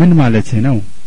ምን ማለትህ ነው